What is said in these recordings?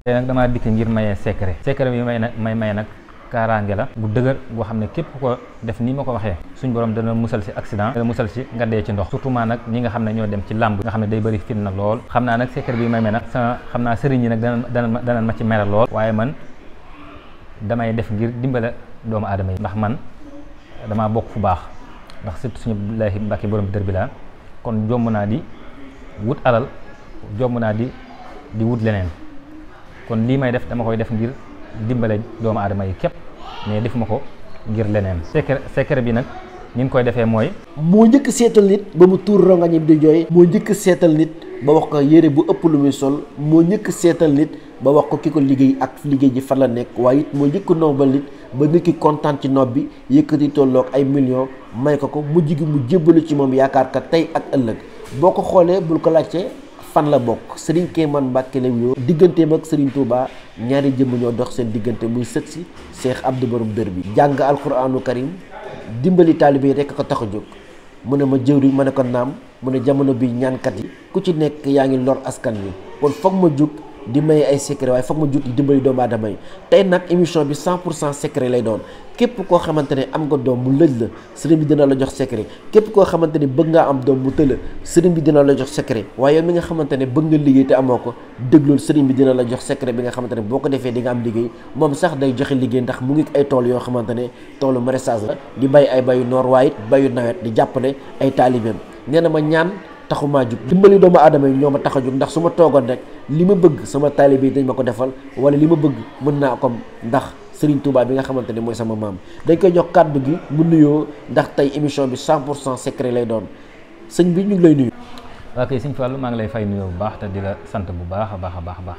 tey nag damaa dikk ngir maye secret secret bi may nag may maye kaaraange la bu dëgër boo xam ne képp ko def ni ma ko waxee suñ borom dana musal si accident dana musal si nga dee ci ndox surtout maa nag ñi nga xam ne ñoo dem ci làmb nga xam ne day bëri na lool xam naa nag secret bi may may nag sama xam naa sëriñ yi nag dana dana ma ci mere lool waaye man damay def ngir dimbale doomu aadama yi ndax man damaa bokk fu baax ndax surtout suñu Abdoulahi Mbàkke borom dër bi laa kon jomm naa di wut alal jomm naa di di wut leneen kon lii may def dama koy def ngir dimbale doomu aadama yi képp mais defuma ko ngir leneen secret secret bi nag ni nga koy defee mooy moo njëkk seetal nit ba mu tuur rongañam di jooy moo njëkk seetal nit ba wax ko yére bu ëpp lu muy sol moo njëkk seetal nit ba wax ko ki ko liggéey ak liggéey ji fan la nekk waaye it moo njëkk nombal nit ba nit ki kontaan ci nob bi yëkkati tollook ay millions may ko ko mujj gi mu jébbalu ci moom yaakaar ka tey ak ëllëg boo ko xoolee bul ko laajte fan la bokk Serigne Kéemaan Mbàkke la wuyoo digganteem ak Serigne Touba ñaari jëmm ñoo dox seen diggante muy sët si Cheikh Abdou Borom dër bi jàng alquraanu karim dimbali taalibe yi a ko tax a jóg mu ne ma jëwriñ ma ne ko naam mu ne jamono bi ñaankat yi ku ci nekk yaa ngi lool askan wi kon foog ma jóg di may ay secret waaye foog ma jut dimbali doomu aadama yi tey nag émission bi 100 pour cent secret lay doon képp koo xamante ne am nga doom mu lëj la sëriñ bi dina la jox secret képp koo xamante ne bëgg ngaa am doom mu tëla sëriñ bi dina la jox secret waaye yow mi nga xamante ne bëgg nga liggéey te amoo ko déglool sëriñ bi dina la jox secret bi nga xamante ne boo ko defee di am liggéey moom sax day joxe liggéey ndax mu ngi ay tool yoo xamante ne toolu maraîchage la di bay ay bayu noor waaye bayu nawet di jàppale ay taalibeem nee na ma ñaan taxumaa jug dimbali doomu aadama yi ñoo ma tax a jug ndax su ma toogoon rek li ma bëgg sama taalibe yi dañ ma ko defal wala li ma bëgg mën naa ko ndax Serigne Touba bi nga xamante ne mooy sama maam dañ koy jox kàddu gi mu nuyoo ndax tey émission bi 100 pour cent lay doon sëñ bi ñu ngi lay nuyu. waa kay sëñ Fallou maa ngi lay fay nuyoo bu baax te di la sant bu baax a baax a baax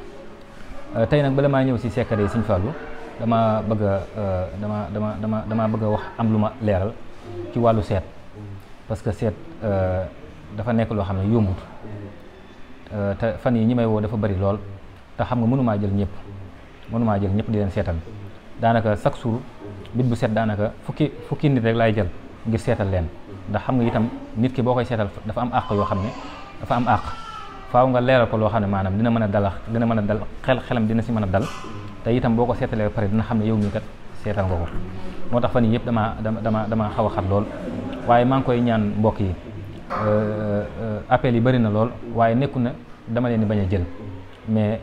euh, tey nag ba la maa ñëw si secret yi sëñ Fallou dama bëgg a euh, dama dama dama dama bëgg a wax am lu ma leeral ci wàllu seet que seet. Euh, dafa nekk loo xam ne yombut mm-hmm. te fan yi ñi may woo dafa bari lool te xam nga mënumaa jël ñëpp mënumaa jël ñëpp di leen seetal mm-hmm. daanaka chaque jour bit bu set daanaka fukki fukki nit rek laay jël ngir seetal leen ndax xam nga itam nit ki boo koy seetal dafa am àq yoo xam ne dafa am àq faaw nga leeral ko loo xam ne maanaam dina mën a dala dina mën a dal xel xelam dina si mën a dal te itam boo ko seetalee ba pare dina xam ne yow mii kat seetal nga ko moo tax fan yii yëpp damaa dama dama damaa xaw a xat lool waaye maa ngi koy ñaan mbokk yi Euh, euh, appels yi bari na lool waaye nekku na dama leen bañ a jël mais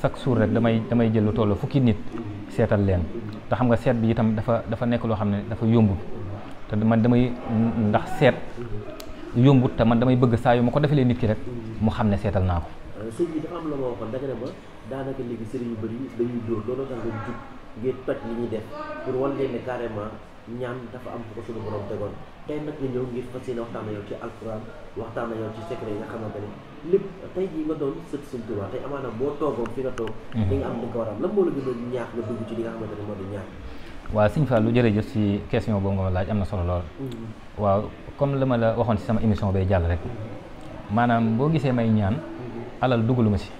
chaque jour rek damay damay jël lu toll fukki nit seetal leen te xam nga seet bi itam dafa dafa nekk loo xam ne dafa yombul te man damay ndax seet yombut te man damay bëgg saa yu ma ko defalee nit ki rek mu xam ne seetal naa ko. Euh, sëñ bi yu bëri dañuy ñaan dafa am fu ko suñu borom tegoon tey nag ñu ñëw ngir fas yéene waxtaan ak yow ci alquran waxtaan ak yow ci secret yi nga xamante ne lépp tey jii nga doon sët suñ tubaab tey amaana boo toogoon fi nga toog mhm. di nga am li nga war a am lan moo la gënoon ñaax dugg ci li nga xamante ne moo di ñaax waaw si question boobu nga ma laaj am na solo lool mhm. waaw comme la ma la waxoon si sama émission bay jàll rek mhm. maanaam boo gisee may ñaan alal ma si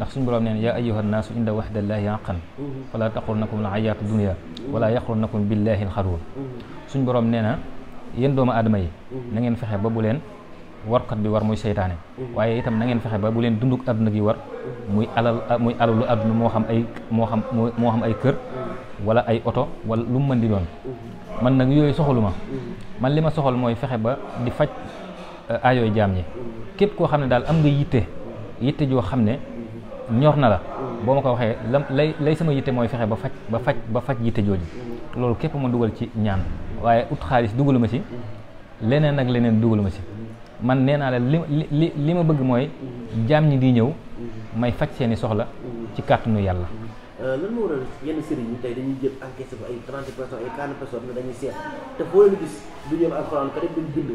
ndax suñu borom neen yaa ayyuha nnaasu inda waxdallaahi àqan falaa taxurnakum na ko dunia wala yaxurnakum billaahi al xaruur suñu borom nee na yéen doomu aadama yi nangeen fexe ba bu leen warkat bi war muy seytaane waaye itam na ngeen fexe ba bu leen dunduk adduna gi war muy alal muy alalu adduna moo xam ay moo xam moo xam ay kër wala ay oto wala lu mu mën di doon man nag yooyu soxaluma man li ma soxal mooy fexe ba di faj aayooy jaam yi képp koo xam ne daal am nga yitte yitte joo xam ne ñor na la boo ma ko waxee la lay lay sama yitte mooy fexe ba faj ba faj ba faj yitte jooju loolu képp ma dugal ci ñaan waaye ut xaalis dugaluma ci leneen ak leneen dugaluma ci man nee naa la li li li ma bëgg mooy jaam ñi di ñëw may faj seeni soxla ci kàttanu yàlla euh, lan moo waral yenn sëriñ yi te foo leen gis du ñoom alxuraan ka def duñ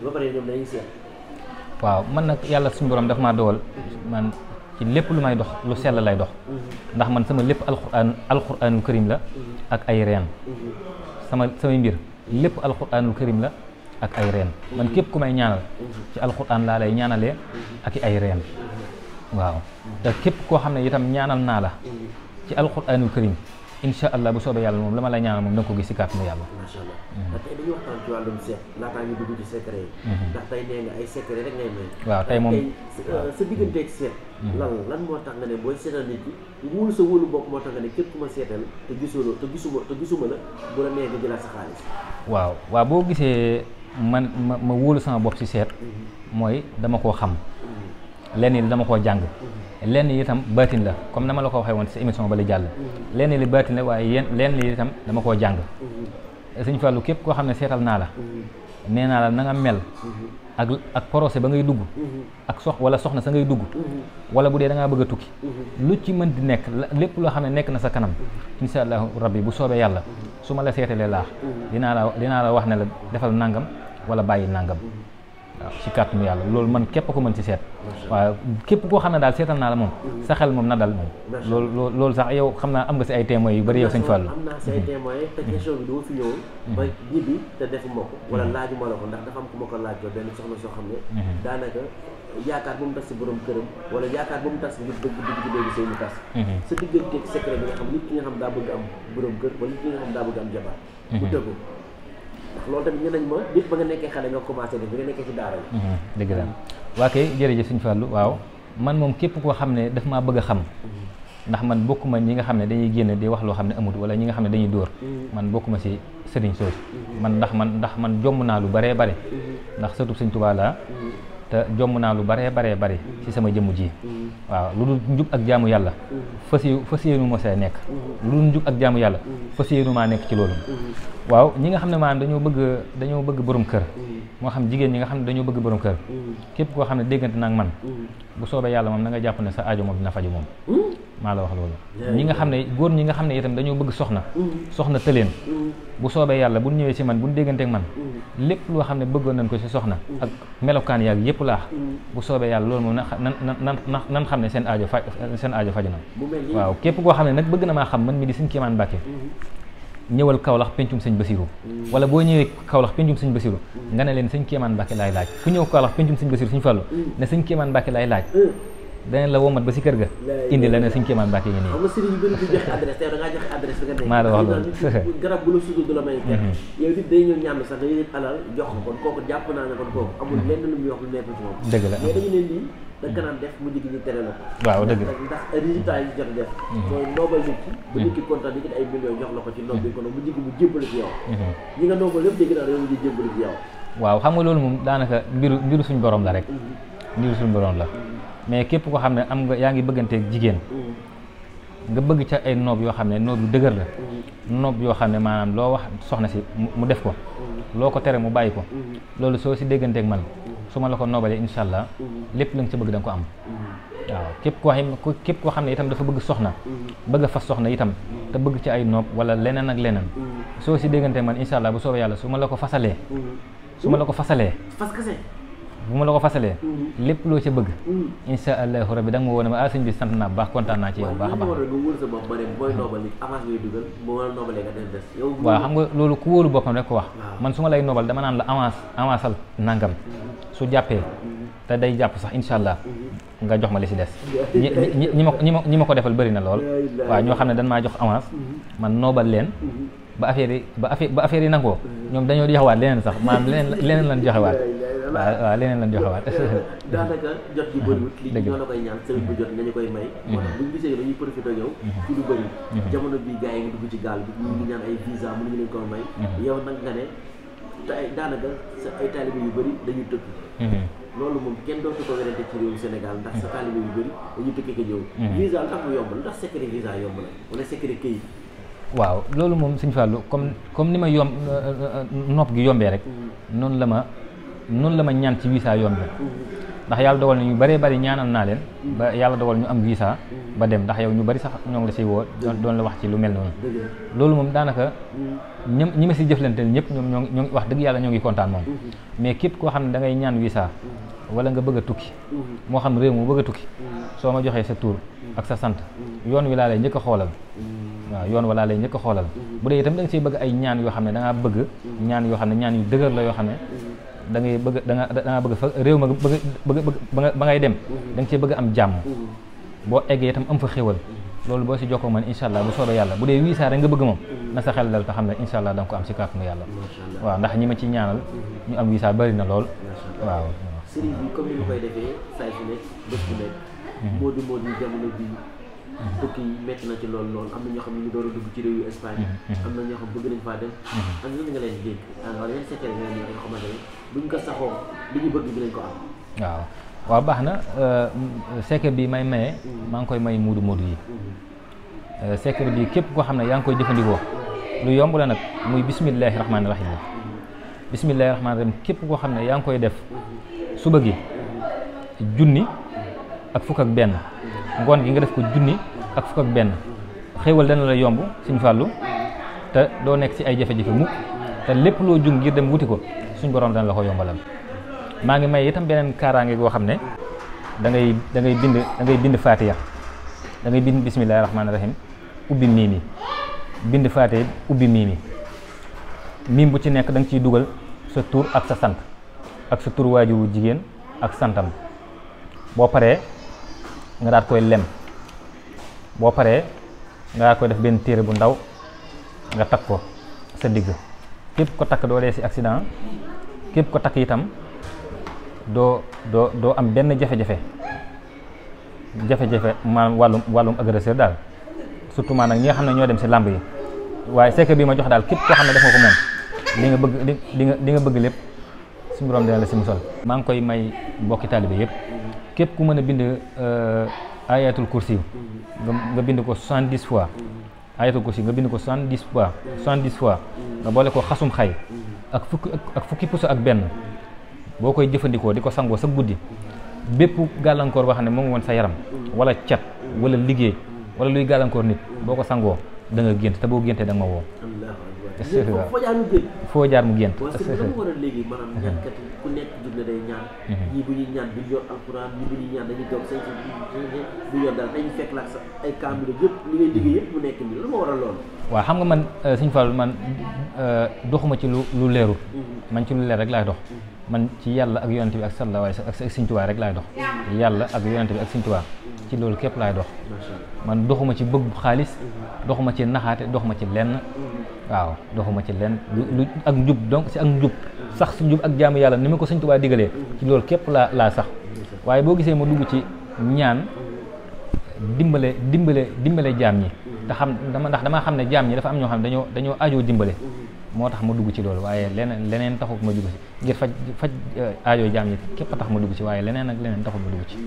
waaw man na yàlla suñu borom daf maa dogal man ci lépp lu may dox lu sell lay dox ndax man sama lépp alquran alquranul karim la ak ay reen sama samay mbir lépp alquranul karim la ak ay reen man képp ku may ñaanal ci alquran laa lay ñaanale ak ay reen waaw te képp koo xam ne itam ñaanal naa la ci alquranul karim incha allah bu soobee yàlla moom la ma lay ñaanal moom da ko gis si kàttanu yàlla. macha allah tey dañuy waxtaan ci wàllum seet laataa ñu dugg ci mhm. ay secret waaw tey moom sa digganteeg seet. Mhm. lan lan moo tax nga ne booy seetal nit ki wóolu sa wóolu bopp moo tax nga ne képp ku ma seetal te gisuloo te gisuma te gisuma la bu la nee jëlaat sa xaalis. waaw waa boo gisee man ma ma wóolu sama bopp ci seet. Mhm. mooy dama koo xam. lenn yi dama koo jàng lenn yi itam baatin la comme na ma la ko waxee woon sa émission ba la jàll lenn li baatin la waaye lenn li itam dama koo jàng sëñ Fallou képp koo xam ne seetal naa la nee naa la nanga nga mel ak ak procès ba ngay dugg ak sox wala soxna sa ngay dugg wala bu dee da bëgg a tukki lu ci mën di nekk lépp loo xam ne nekk na sa kanam insha allahu rabbi bu soobee yàlla su ma la seetalee laax dinaa la dinaa la wax ne la defal nangam wala bàyyi nangam ci kàttanu yàlla loolu man képp ko mën ci seet waaw képp koo xam ne daal seetal naa la moom sa xel moom na dal moom loolu loolu sax yow xam naa am nga si ay témoins yu bëri yow sëñ Fallou am naa si ay témoins te mhm. question bi dama fi ñëwoon mhm. ba ñibbi te defuma ko wala mhm. laaju ma la ko ndax dafa am ku ma ko laaj joo benn soxna soo xam ne daanaka yaakaar bu mu tas si borom këram wala yaakaar bu mu tas ngir dëgg dëgg ci dégg sëy tas sa digganteeg secret bi nga xam nit nga xam nit ki nga xam daa bëgg am jabar ndax loolu tamit ñu nañ ma nit ba nga nekkee xale nga commencé def bi nga nekkee ci daara yi mhm, dëgg la waa kay jërëjëf Sëñ Fallou waaw man moom képp koo xam ne daf maa bëgg a xam mhm. ndax man ma ñi nga xam ne dañuy génn di wax loo xam ne amut wala ñi nga xam ne dañuy dóor mhm. man ma si sëriñ soosu man ndax man ndax man jomm naa lu baree bare ndax sëtub Sëñ Tuubaa laa te jomm naa lu baree baree bari ci sama jëmm ji waaw lu dul njub ak jaamu yàlla fas fas yéenu ma see nekk lu dul njub ak jaamu yàlla fas yéenu maa nekk ci loolu waaw ñi nga xam ne maanaam dañoo bëgg dañoo bëgg borom kër moo xam jigéen ñi nga xam ne dañoo bëgg borom kër képp koo xam ne déggante naa man bu soobee yàlla moom jàpp ne sa aajo moom dina faju moom hmm? maa la wax loolu ñi nga xam ne góor ñi nga xam ne itam dañoo bëgg soxna hmm. soxna tëleen bu soobee yàlla bu ñëwee si man bu dégganteek man mm. lépp loo xam ne bëggoon nañ ko ci soxna mm. ak melokaan yaag yëpp laax mm. bu soobee yàlla loolu moom na nan nan xam ne seen aajo faj seen aajo faj na waaw képp koo xam ne nag bëgg na maa xam man mi di Sëñ Kéemaan Mbàkke mm-hmm. ñëwal Kaolack pencum sëñ Basiru wala boo ñëwee Kaolack pencum sëñ Basiru nga ne leen Sëñ Kéemaan Mbàkke laay laaj ku ñëw Kaolack pencum sëñ Basiru suñu fàllu ne Sëñ Kéemaan Mbàkke lay laaj danañ la womat ba si kër ga. indi la ne suñ kéemaan mbàkke ngi nii. sëriñ bi di joxe da ngaa mhm. jox ko kon kooku jàpp naa ne kon kooku amul mhm. lenn lu muy wax lu nekk ci moom. la mais dañu ne da kanam def mu jigi ñu tere la ko. waaw dëgg ndax yi jot def. Mhm. mooy noobal nit ki. ba nit ki ay millions jox la ko ci noob bi kon mu jigi mu jébbal ci yow. ñi nga lépp dégg naa waaw xam nga loolu moom daanaka mbiru mbiru suñ boroom la rek mbiru suñ borom la mais képp ko xam ne am nga yaa ngi bëgganteeg jigéen nga bëgg ca ay noob yoo xam ne noob yu dëgër la noob yoo xam ne maanaam loo wax soxna si mu def ko loo ko tere mu bàyyi ko loolu soo si dégganteek man su ma la ko noobalee insha allah lépp la nga ca bëgg da nga ko am waaw képp koo xam képp koo xam ne itam dafa bëgg soxna bëgg fa fas soxna itam te bëgg ci ay noob wala leneen ak leneen soo si dégganteeg man insha allah bu soobee yàlla su ma la ko fasalee su ma la ko fasalee bu ma la ko fasalee mm. lépp loo ca bëgg mm. insha allahu rabbi da nga ma woo ne ma ah sëñ bi sant naa baax kontaan naa ci yow baax a baax waaw xam nga loolu ku wóolu boppam rek ko wax man su ma lay noobal dama naan la avance avanceal nangam mm-hmm. su jàppee mm-hmm. te day jàpp sax insha allah mm-hmm. nga jox ma li si des ñi ñi ma ñi ma ñi ma ko defal bëri na lool waaw ñoo xam ne dañ maa jox avance man noobal leen ba affaire ba affaire ba affaire yi nangoo ñoom dañoo joxewaat leneen sax maanaam leneen leneen lan joxewaat waa waaw leneen lan joxewaat daanaka jot gi bëriwut li ñoo la koy ñaan sëriñ bu jot nañu koy may mhm. moo tax buñu gisee mhm. lu bëri mhm. jamono bi gars yi ngi dugg ci bi ñu ngi ñaan ay visa mënuñu leen ko may yow nag ne tay daanaka sa ay taalibe yu bëri dañuy tëkk loolu moom kenn dootu ko werante ci réewu Sénégal ndax sa taalibe yu bëri dañuy tëkkee ko ñëw visa lu tax mu yomb la ndax secret visa yomb la wala secret këyit waaw loolu moom Sëñ Fallou comme comme ni ma yomb euh, euh, euh, nopp gi yombee rek noonu noonu la ma ñaan ci visa yoon bi ndax yàlla dogal na ñu bëree bëri ñaanal naa leen ba yàlla dogal ñu am visa ba dem ndax yow ñu bëri sax ñoom la si woo doon la wax ci lu mel noonu loolu moom daanaka ñoom ñi ma si jëflanteel ñëpp ñoom ñoo ñoo wax dëgg yàlla ñoo ngi kontaan moom mais képp koo xam ne dangay ngay ñaan visa wala nga bëgg tukki moo xam réew mu bëgg tukki soo ma joxee sa tur ak sa sant yoon wi laa lay njëkk a xoolal waaw yoon walaa lay njëkk xoolal bu dee itam da nga ay ñaan yoo xam ne da bëgg ñaan yoo xam ne ñaan yu dëgër la yoo xam ne da ngay bëgg da nga bëgg fa réew ma bëgg bëgg ba ngay dem mhm. da nga cee bëgg am jàmm mhm. boo eggee itam am fa xéwal mhm. loolu boo si jokkoo man incha allah bu soobee yàlla bu dee wii saa rek nga bëgg moom na sa xel dal te xam ne incha allah da nga ko waaw ndax ñi ma ci ñaanal ñu am wii saa na lool waaw sëriñ bi comme ni koy defee saa su nekk bés bu nekk moodu moodu jamono bi tukki na ci loolu loolu am na xam ne ñu door a na bëgg nañ faa dem am na nga leen dégg nga leen yoo buñ ko saxoo li waaw baax na euh, secret bi may maye. Mm-hmm. maa ngi koy may muudu muudu yi. Mm-hmm. Euh, secret bi képp koo xam ne yaa ngi koy jëfandikoo. lu yomb la nag muy bismillahi rahmaani rahim. Mm-hmm. bismillahi rahmaani rahim képp koo xam ne yaa ngi koy def suba gi junni ak fukk ak benn. ngoon gi nga def ko junni ak fukk ak benn. xéewal dana la yomb suñ fàllu te doo nekk ci ay jafe-jafe mukk te lépp loo jug ngir dem wuti ko suñ borom dana la ko maa ngi may itam beneen kaaraange goo xam ne dangay dangay bind dangay bind faatiya da ngay bind bismillahi rahmaani rahim ubbi miim yi bind faatiya ubbi miim yi miim bu ci nekk danga ciy dugal sa tur ak sa sant ak sa tur waajur wu jigéen ak santam boo paree nga daat koy lem boo paree nga daat koy def benn téere bu ndaw nga takk ko sa digg képp ko takk doo dee si accident képp ko takk itam doo doo doo am benn jafe-jafe jafe-jafe maanaam wàllum wàllum agresseur daal surtout maanaam ñi nga xam ne ñoo dem si làmb yi waaye secret bi ma jox daal képp koo xam ne def nga ko moom li nga bëgg li nga li nga bëgg lépp suñu borom dina la si musal maa ngi koy may mbokki taalibe yëpp képp ku mën a bind euh, ayatul kursi nga bind ko soixante-dix fois ayatul kursi nga bind ko san dix fois soixante dix fois nga boole ko xasum xay ak fukki ak fukki puso ak benn boo koy jëfandikoo di ko sangoo sa guddi bépp gàllankoor boo xam ne moom woon sa yaram wala cat wala liggéey wala luy gàllankoor nit boo ko sangoo da nga gént te boo géntee da nga ma woo. foo jaar mu gént. est-ce léegi maanaam mhm. ñaankat yi ku nekk jug na day ñaan. Mhm. ñii bu ñuy ñaan duñ yor ay kaamil yëpp li ngay xam nga man euh, Sëñ Fall man euh, doxuma ci lu lu leerul. Mhm. man ci lu leer rek laay dox. man ci yàlla ak yonent bi ak sallallahu alayhi ak Sëñ Tuubaa rek laay dox yàlla ak yonent bi ak Sëñ Tuubaa ci loolu képp laay dox man doxuma ci bëgg xaalis doxuma ci naxaate doxuma ci lenn waaw doxuma ci lenn lu ak njub donc si ak njub sax si njub ak jaamu yàlla ni ma ko Sëñ Tuubaa digalee ci loolu képp laa laa sax waaye boo gisee ma dugg ci ñaan dimbale dimbale dimbale jaam ñi te xam dama ndax damaa xam ne jaam ñi dafa am ñoo xam ne dañoo dañoo ajoo dimbale moo tax ma dugg ci loolu waaye leneen leneen taxut ma dugg ci ngir faj faj eh, aajo jaam yi képp a tax ma dugg ci waaye leneen ak leneen taxut ma dugg ci.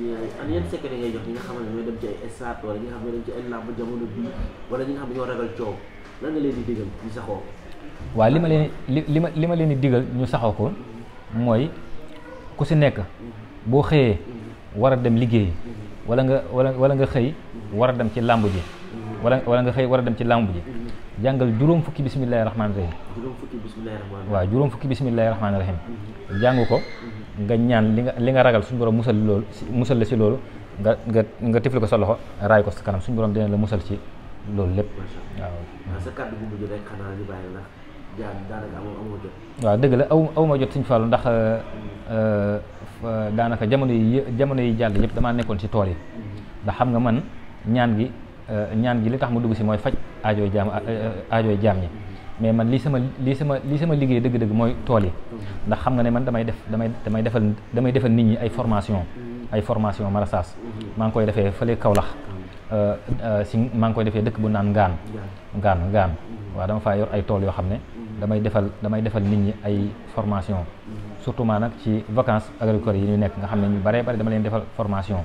am yan dem ci ay stade wala ñi nga xam jamono bii wala ñi nga xam ne ñoo ragal coow lan leen di digal ñu saxoo. waaw li ma leen li ma li ma leen di digal ñu saxoo ko mooy ku si nekk boo xëyee war a dem liggéey wala nga wala wala nga xëy war a dem ci làmb ji. wala wala nga xëy war a dem ci làmb ji. jàngal juróom fukki bisimilahi rahmaani rahim. juróom waaw juróom fukki bisimilahi rahmaani mhm. jàng ko mhm. nga ñaan li nga li nga ragal suñ borom musal loolu musal la si loolu nga nga nga tifli ko sa loxo raay ko sa kanam suñu borom dina la musal ci loolu lépp. waaw sa kàddu bu mujj rek la jaan dëgg la aw aw ma jot suñu fàllu ndax mhm. euh, euh, daanaka jamono yi jamono yi jàll yëpp damaa nekkoon ci tool yi ndax xam nga man ñaan gi euh, ñaan gi li tax mu dugg si mooy faj. aajooy jaam aajooy jaam ñi mais man lii sama lii sama lii sama liggéey dëgg-dëgg mooy tool yi ndax xam nga ne man damay def damay damay defal damay defal nit ñi ay formation ay formation maraîchage maa ngi koy defee fële Kaolack euh, euh, si maa ngi defee dëkk bu naan ngaan ngaan ngaan waaw dama faa yor ay tool yoo xam ne damay defal damay defal nit ñi ay formation surtout maa nag ci vacance agricoles yi ñu nekk nga xam ne ñu bare bare dama leen defal formation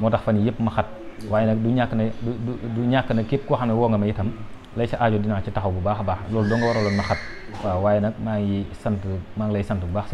moo tax fan yëpp ma xat waaye nag du ñàkk ne du du ñàkk na képp koo xam ne woo nga ma itam lay sa aajo dinaa ci taxaw bu baax a baax loolu doo nga waraloon ma xat waaw waaye nag maa ngi sant maa ngi lay sant bu baax